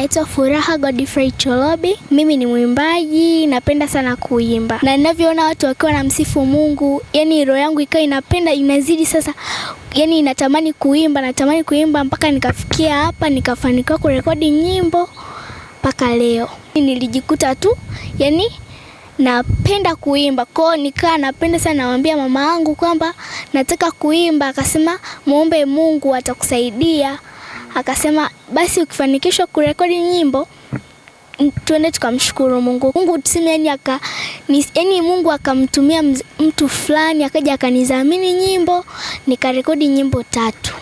Naitwa Furaha Godfrey Cholobi. Mimi ni mwimbaji, napenda sana kuimba, na ninavyoona watu wakiwa na msifu Mungu, yani roho yangu ikawa inapenda inazidi sasa, yani inatamani kuimba, natamani kuimba mpaka nikafikia hapa, nikafanikiwa kurekodi nyimbo mpaka leo. Nilijikuta tu yani napenda kuimba kwao, nikaa napenda sana. nawaambia mama yangu kwamba nataka kuimba, akasema muombe Mungu atakusaidia akasema basi ukifanikishwa kurekodi nyimbo tuende tukamshukuru Mungu. Mungu tuseme yani aka yani Mungu akamtumia mtu fulani akaja akanidhamini nyimbo nikarekodi nyimbo tatu.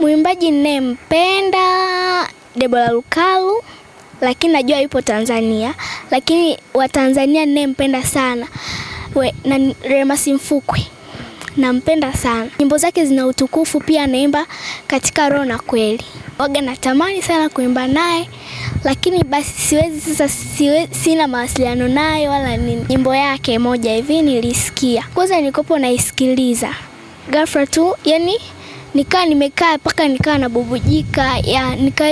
Mwimbaji ninayempenda Debora Lukalu, lakini najua yupo Tanzania, lakini wa Tanzania ninayempenda sana we na Rema Simfukwe nampenda sana. Nyimbo zake zina utukufu, pia anaimba katika roho na kweli. Waga natamani sana kuimba naye, lakini basi siwezi sasa, siwe, sina mawasiliano naye wala nini. Nyimbo yake moja hivi nilisikia kwanza, nilikopo naisikiliza ghafla tu yani nikaa nimekaa mpaka nikaa nabubujika,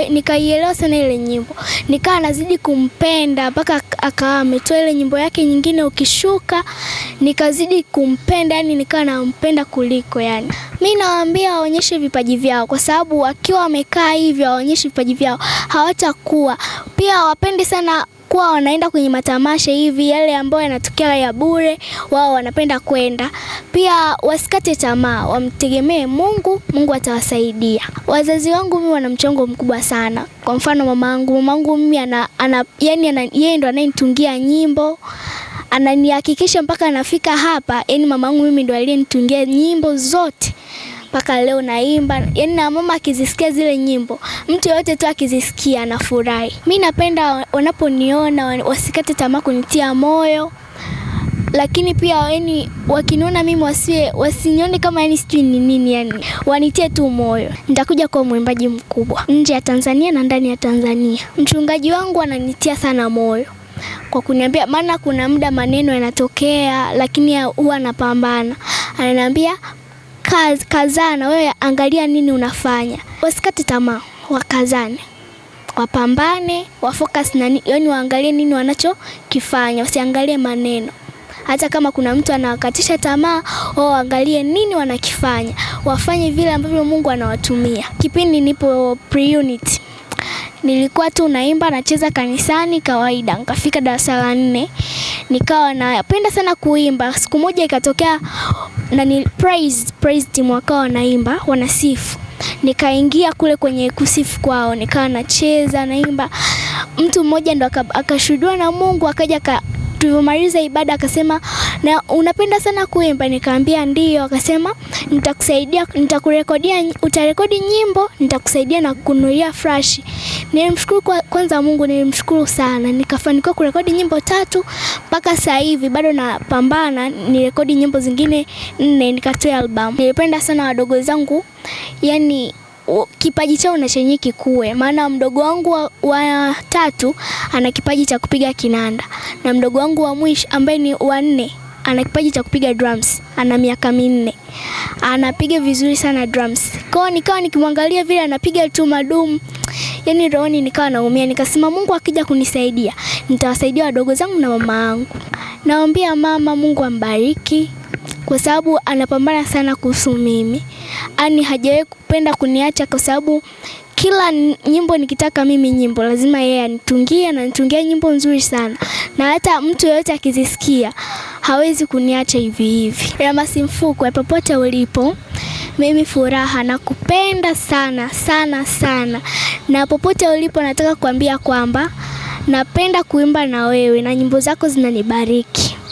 nikaielewa nika sana ile nyimbo, nikaa nazidi kumpenda mpaka akawa ametoa ile nyimbo yake nyingine ukishuka, nikazidi kumpenda yani, nikaa nampenda kuliko yani. Mi nawaambia waonyeshe vipaji vyao, kwa sababu wakiwa wamekaa hivyo waonyeshe vipaji vyao hawatakuwa. Pia wapende sana wanakuwa wanaenda kwenye matamasha hivi yale ambayo yanatokea ya bure, wao wanapenda kwenda. Pia wasikate tamaa, wamtegemee Mungu, Mungu atawasaidia. Wazazi wangu mimi wana mchango mkubwa sana. Kwa mfano mamangu, mamangu mimi ana, ana yani ana, yeye ndo anayenitungia nyimbo ananihakikisha mpaka anafika hapa. Yani mamangu mimi ndo aliyenitungia nyimbo zote mpaka leo naimba, yani na mama akizisikia zile nyimbo, mtu yoyote tu akizisikia anafurahi. Mi napenda wanaponiona wasikate tamaa kunitia moyo, lakini pia yani wakiniona mimi wasiwe wasinione kama yani sijui ni nini, yani wanitie tu moyo. Nitakuja kuwa mwimbaji mkubwa nje ya Tanzania na ndani ya Tanzania. Mchungaji wangu ananitia sana moyo kwa kuniambia, maana kuna muda maneno yanatokea, lakini huwa anapambana, ananiambia kaz, kazana wewe, angalia nini unafanya, wasikate tamaa, wakazane wapambane wafocus na yani waangalie nini wanachokifanya, wasiangalie maneno. Hata kama kuna mtu anawakatisha tamaa, wao waangalie nini wanakifanya, wafanye vile ambavyo Mungu anawatumia. Kipindi nipo pre-unit nilikuwa tu naimba nacheza kanisani kawaida. Nikafika darasa la nne nikawa napenda sana kuimba. Siku moja ikatokea na ni praise praise team wakawa wanaimba wanasifu, nikaingia kule kwenye kusifu kwao, nikawa nacheza naimba. Mtu mmoja ndo akashuhudiwa na Mungu akaja tulivyomaliza ibada akasema, na unapenda sana kuimba? Nikaambia ndio. Akasema nitakusaidia, nitakurekodia, utarekodi nyimbo, nitakusaidia na kununulia flash. Nilimshukuru kwa, kwanza Mungu nilimshukuru sana, nikafanikiwa kurekodi nyimbo tatu mpaka sasa hivi bado napambana nirekodi nyimbo zingine nne nikatoa albamu. Nilipenda sana wadogo zangu, yani kipaji chao na chenye kikue, maana mdogo wangu wa, wa tatu ana kipaji cha kupiga kinanda na mdogo wangu wa mwisho ambaye ni wa nne ana kipaji cha kupiga drums, ana miaka minne, anapiga vizuri sana drums. Kwao nikawa nikimwangalia vile anapiga tu madum, yani rohoni nikawa naumia, nikasema Mungu akija kunisaidia nitawasaidia wadogo zangu na mama yangu. Naombea mama, Mungu ambariki kwa sababu anapambana sana kuhusu mimi, ani hajawahi kupenda kuniacha kwa sababu kila nyimbo nikitaka mimi nyimbo lazima yeye anitungie, na nitungie nyimbo nzuri sana, na hata mtu yeyote akizisikia hawezi kuniacha hivi hivi. Rama Simfukwe, popote ulipo, mimi furaha nakupenda sana sana sana, na popote ulipo, nataka kuambia kwamba napenda kuimba na wewe na nyimbo zako zinanibariki.